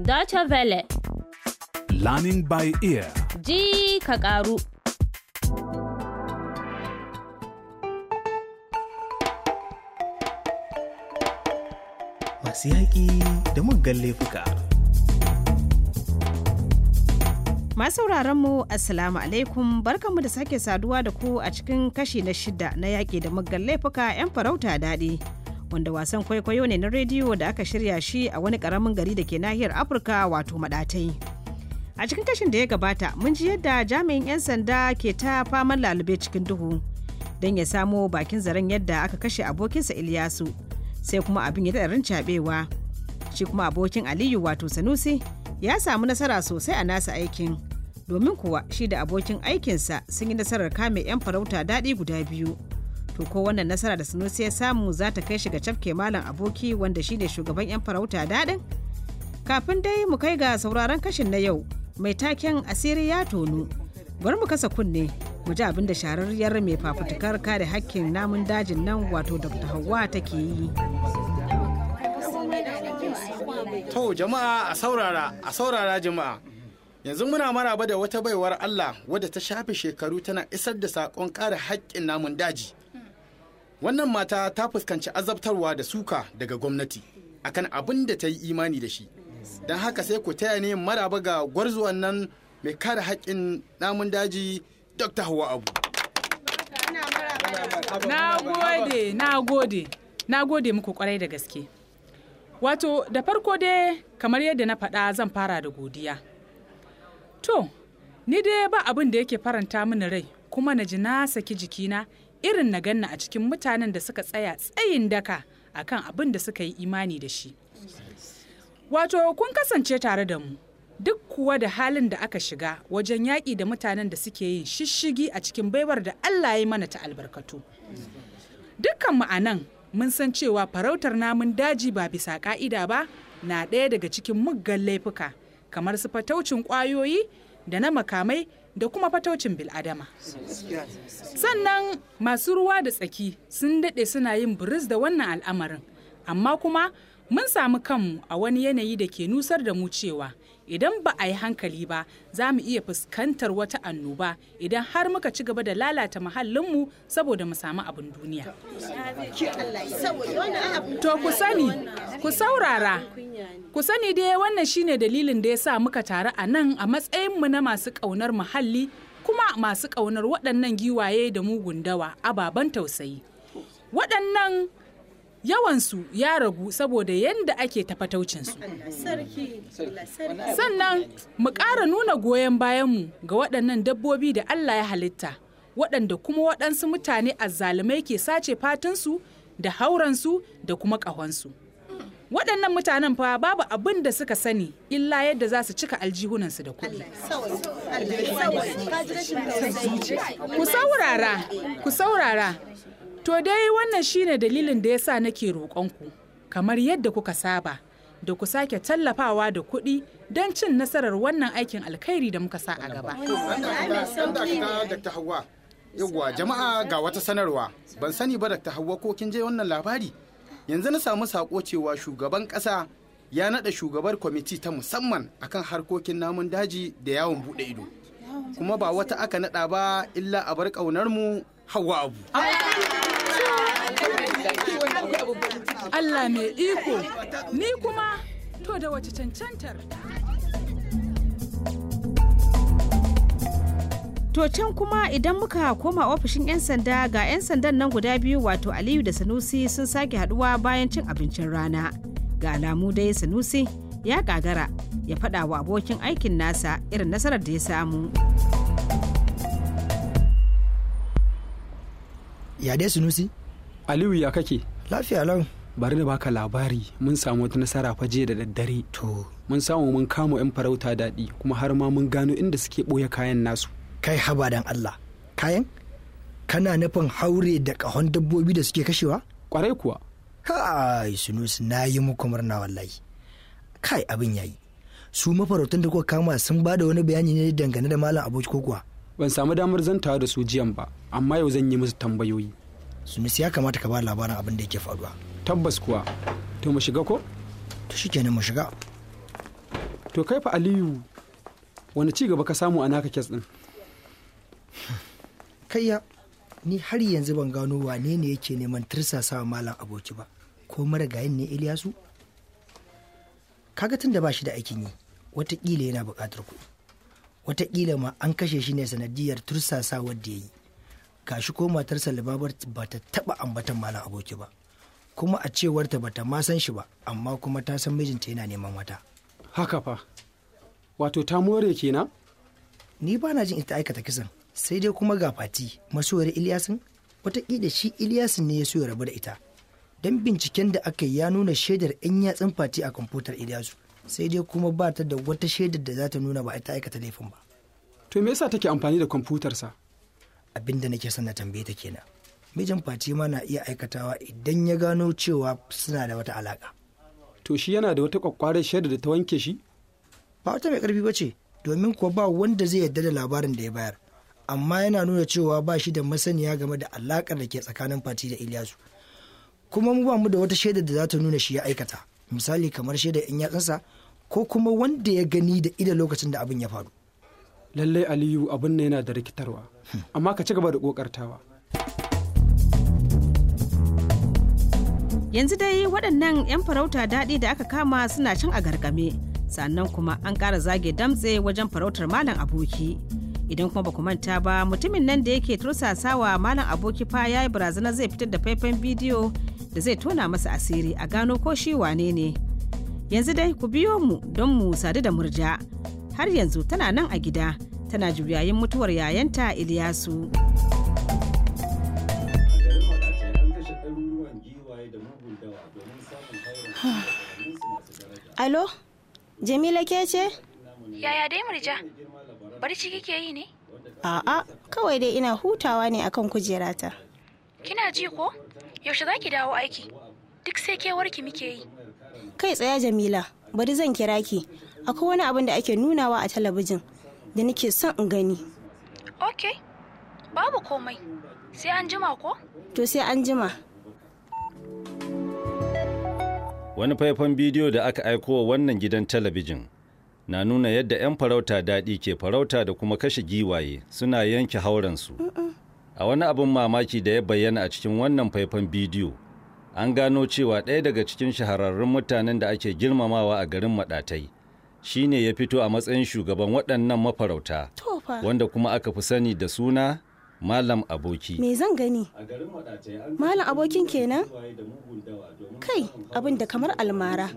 Deutsche Welle. Learning by ear. Ji ka karu. Masu yaƙi da muggan laifuka. Masu mu Assalamu alaikum barkanmu da sake saduwa da ku a cikin kashi na shida na yaƙi da muggan laifuka 'yan farauta daɗi. wanda wasan kwaikwayo ne na rediyo da aka shirya shi a wani karamin gari da ke nahiyar Afirka wato maɗatai. A cikin kashin da ya gabata mun ji yadda jami'in 'yan sanda ke ta faman lalube cikin duhu don ya samo bakin zaren yadda aka kashe abokinsa Iliyasu sai kuma abin ya daɗa rincaɓewa. Shi kuma abokin Aliyu wato Sanusi ya samu nasara sosai a nasa aikin domin kuwa shi da abokin aikinsa sun yi nasarar kame 'yan farauta daɗi guda biyu to ko wannan nasara da sunusi ya samu za ta kai shi ga cafke malam aboki wanda shine shugaban 'yan farauta daɗin kafin dai mu kai ga sauraron kashin na yau mai taken asiri ya tonu bari mu kasa kunne mu ji abin da shararriyar mai fafutukar kare hakkin namun dajin nan wato dr hawa take yi to jama'a a saurara a saurara jama'a yanzu muna maraba da wata baiwar allah wadda ta shafe shekaru tana isar da saƙon kare hakkin namun daji wannan mata ta fuskanci azabtarwa da suka daga gwamnati akan abin da ta yi imani da shi don haka sai ku taya ne maraba ga gwarzuwan nan mai kare haƙƙin namun daji dr hawa abu na gode na gode na gode muku kwarai da gaske wato da farko dai kamar yadda na faɗa zan fara da godiya to ni dai ba abin da yake faranta mini rai kuma na ji na saki jikina irin na ganna a cikin mutanen da suka tsaya tsayin daka akan abin da suka yi imani da shi wato kun kasance tare da mu duk kuwa da halin da aka shiga wajen yaƙi da mutanen da suke yin shishigi a cikin baiwar da Allah ya mana ta albarkatu dukkan ma'anan mun san cewa farautar namun daji ba bisa ka'ida ba na ɗaya daga cikin muggan laifuka kamar su fataucin ƙwayoyi da na makamai da kuma fataucin biladama. Sannan masu ruwa da tsaki sun daɗe suna yin buris da wannan al'amarin, amma kuma mun samu kanmu a wani yanayi da ke nusar da mu cewa idan ba a yi hankali ba za mu iya fuskantar wata annoba idan har muka ci gaba da lalata muhallinmu saboda mu samu abin duniya. To ku sani, ku saurara, ku sani dai wannan shine dalilin da ya sa muka taru a nan a matsayinmu na masu ƙaunar muhalli kuma masu ƙaunar waɗannan giwaye da mugun dawa ababen tausayi. Waɗannan yawansu ya ragu saboda yadda ake tafataucinsu. Sannan mu ƙara nuna goyon bayanmu ga waɗannan dabbobi da Allah ya halitta, waɗanda kuma waɗansu mutane azzalumai ke sace fatansu da hauransu da kuma ƙahonsu. Waɗannan mutanen fa babu abin da suka sani illa yadda za su cika aljihunansu da kuɗi. Ku saurara, ku saurara. To dai wannan shine dalilin da ya sa nake roƙonku, kamar yadda kuka saba, da ku sake tallafawa da kuɗi don cin nasarar wannan aikin alkhairi da muka sa a gaba. Yawwa jama'a ga wata sanarwa, ban sani ba da Hauwa ko kin je wannan labari. Yanzu na samu saƙo cewa shugaban ƙasa ya naɗa shugabar kwamiti ta musamman akan harkokin namun daji da yawon buɗe ido. Kuma ba wata aka naɗa ba illa a bar ƙaunar mu Hauwa Abu. Allah mai iko ni kuma to da wace cancantar To can kuma idan muka koma ofishin 'yan sanda ga 'yan sandan nan guda biyu wato Aliyu da Sanusi sun sake haduwa bayan cin abincin rana. Ga alamu dai Sanusi ya gagara ya fada wa abokin aikin nasa irin nasarar da ya samu. Ya dai Sanusi? aliyu ya kake lafiya lau bari na baka labari mun samu wata nasara fa jiya da daddare to mun samu mun kama yan farauta daɗi kuma har ma mun gano inda suke ɓoye kayan nasu kai haba dan Allah kayan kana nufin haure da ƙahon dabbobi da suke kashewa kwarai kuwa kai sunus na yi muku murna wallahi kai abin yayi su mafarautan da kuka kama sun ba da wani bayani ne dangane da malam aboki ko kuwa ban samu damar zantawa da su jiyan ba amma yau zan yi musu tambayoyi sunusi ya kamata ka ba labarin abin da yake faruwa tabbas kuwa to mu shiga ko to shikenan mu shiga to kai fa aliyu wani ci gaba ka samu a naka kes din kayya ni har yanzu ban gano wane ne yake neman wa malam aboki ba ko marigayin ne iliyasu kaga tun da ba shi da aikin yi watakila yana bukatar ku watakila ma an kashe shi ne sanadiyar tursasawar da ya yi gashi ko matarsa libabar ba ta taba ambatan malam aboki ba kuma a cewarta ba ta ma san shi ba amma kuma ta san mijinta yana neman wata haka fa wato ta more kenan ni ba na jin ita aikata kisan sai dai kuma ga fati masoyar iliyasin wataƙila shi iliyasin ne ya so ya rabu da ita dan binciken da aka yi ya nuna shaidar 'yan yatsun fati a kwamfutar iliyasu sai dai kuma ba ta da wata shaidar da za ta nuna ba ita aikata laifin ba to me yasa take amfani da kwamfutarsa abinda nake son na tambaye ta kenan mijin Fati ma na iya aikatawa idan ya gano cewa suna da wata alaka to shi yana da wata kwakwarar shaida da ta wanke shi ba wata mai karfi ce domin kuwa ba wanda zai yarda da labarin da ya bayar amma yana nuna cewa ba shi da masaniya game da alakar da ke tsakanin Fati da iliyasu kuma mu ba mu da wata shaida da za ta nuna shi ya aikata misali kamar shaida in yatsansa ko kuma wanda ya gani da ida lokacin da abin ya faru lallai aliyu abin ne yana da rikitarwa amma ka ci gaba da kokartawa yanzu dai waɗannan 'yan farauta daɗi da aka kama suna cin a gargame sannan kuma an ƙara zage damtse wajen farautar malam aboki idan kuma ba ku manta ba mutumin nan da yake tursasawa malam aboki fa ya yi barazana zai fitar da faifan bidiyo da zai tona masa asiri a gano ko shi wane ne yanzu dai ku biyo mu don mu sadu da murja har yanzu tana nan a gida tana juyayin mutuwar yayanta Iliyasu. Alo, Jamila ke ce? Yaya dai murja? Barci kike yi ne? A'a, kawai dai ina hutawa ne akan kujerata. Kina ji ko? Yaushe za ki dawo aiki? Duk sai kewarki muke yi. Kai tsaya Jamila, bari zan kira ki. akwai wani abin da ake nunawa a talabijin da nake son in gani ok babu komai sai an jima ko to sai an jima wani faifan bidiyo da aka aiko wa wannan gidan talabijin na nuna yadda 'yan farauta daɗi ke farauta da kuma kashe giwaye suna yanke haurensu a wani abin mamaki da ya bayyana a cikin wannan faifan bidiyo an gano cewa ɗaya daga cikin shahararrun mutanen da ake girmamawa a garin maɗatai shi ne ya fito a matsayin shugaban waɗannan mafarauta wanda kuma aka fi sani da suna malam aboki me zan gani malam abokin kenan kai abin da kamar almara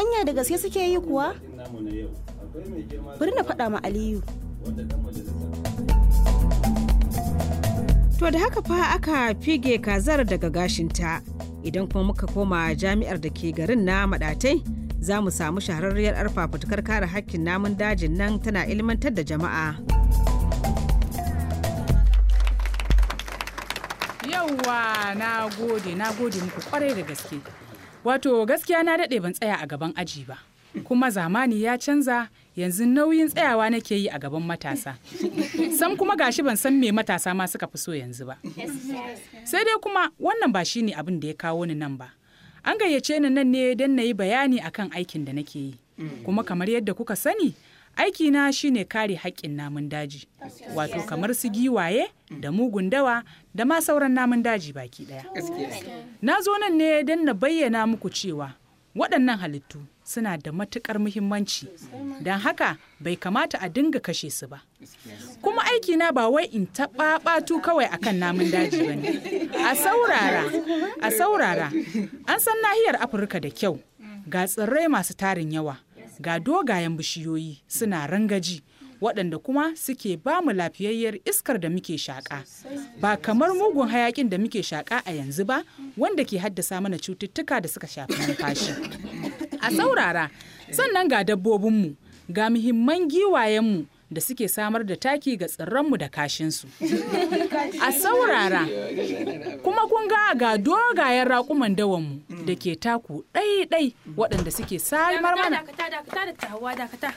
anya da gaske suke yi kuwa bari na faɗa ma aliyu to da haka fa aka fige kazar daga gashinta idan kuma muka koma jami'ar da ke garin na maɗatai za mu samu shahararriyar arfa fitukar kare hakkin namun dajin nan tana ilmantar da jama'a. Yawwa na gode, na gode muku kwarai da gaske. Wato gaskiya na daɗe ban tsaya a gaban aji ba. Kuma zamani ya canza yanzu nauyin tsayawa nake yi a gaban matasa. Sam kuma gashi ban san me matasa ma suka fi so yanzu ba. Sai dai kuma wannan ba shine abin da ya kawo ni nan ba. an gayyace ni nan ne don na yi bayani akan aikin da nake yi kuma kamar yadda kuka sani aikina shine kare haƙƙin namun daji wato kamar su giwaye da mugun dawa da ma sauran namun daji baki ɗaya na zo nan ne don na bayyana muku cewa waɗannan halittu suna da matukar muhimmanci don haka bai kamata a dinga kashe su ba kuma aikina ba wai in taɓaɓatu kawai akan namun daji ba ne a saurara a saurara an san nahiyar afirka da kyau ga tsirrai masu tarin yawa ga dogayen bishiyoyi suna rangaji waɗanda kuma suke ba mu lafiyayyar iskar da muke shaƙa ba kamar mugun hayaƙin da muke shaƙa a yanzu ba wanda ke haddasa mana cututtuka da suka shafi numfashi a saurara sannan ga dabbobinmu ga muhimman giwayenmu da suke samar da taki ga tsirranmu da kashinsu. A saurara, kuma kun ga ga dogayen raƙuman dawanmu da ke taku ɗai-ɗai waɗanda suke samar mana. Dakata, dakata, dakata, hawa, dakata.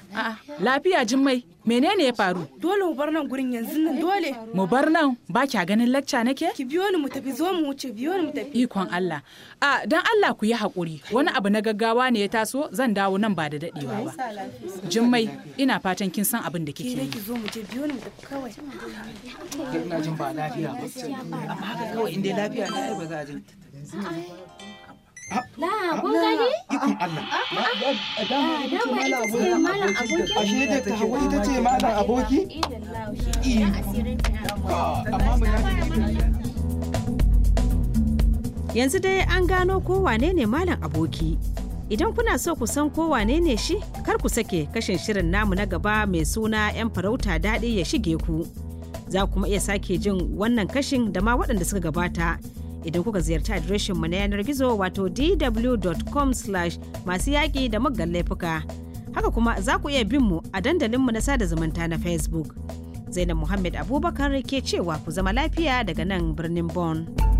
Lafiya jimmai, menene ya faru? Dole mu bar nan gurin yanzu nan dole. Mu bar nan ba kya ganin lacca nake? Ki biyo ni mu tafi zo mu wuce biyo ni mu tafi. Ikon Allah. A dan Allah ku yi haƙuri wani abu na gaggawa ne ya taso zan dawo nan ba da daɗewa ba. Jimmai ina fatan kin san abin da kike. Ki zo mu je biyo ni mu tafi kawai. Ina jin ba lafiya ba. Amma haka kawai in dai lafiya na ai ba za a je. Na, Yanzu dai an gano ko wane ne malam aboki. Idan kuna so ku san ko wane ne shi, kar ku sake kashin shirin namu na gaba mai suna 'yan farauta daɗi ya shige ku. Za kuma iya sake jin wannan kashin da ma waɗanda suka gabata. idan kuka ziyarci adireshinmu na yanar gizo wato dw.com masu yaƙi da muggan laifuka haka kuma za ku iya bin mu a dandalinmu na sada zumunta na facebook zainab muhammad abubakar ke cewa ku zama lafiya daga nan birnin bonn